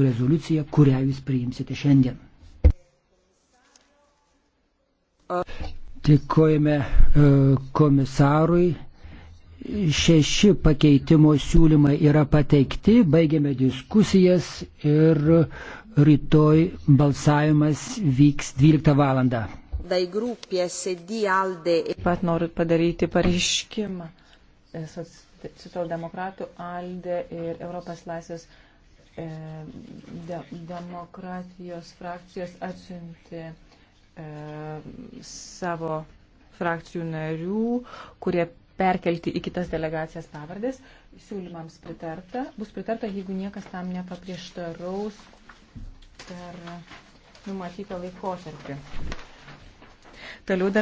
rezoliuciją, kurią jūs priimsite šiandien. Tikojame e, komisarui. Šeši pakeitimo siūlymai yra pateikti, baigiame diskusijas ir rytoj balsavimas vyks 12 val. E- Taip pat noriu padaryti pareiškimą socialdemokratų Alde ir Europos laisvės E, de, demokratijos frakcijos atsiuntė e, savo frakcijų narių, kurie perkelti į kitas delegacijas pavardės. Siūlymams pritarta. Bus pritarta, jeigu niekas tam nepaprieštaraus per numatytą laikotarpį. Toliau dar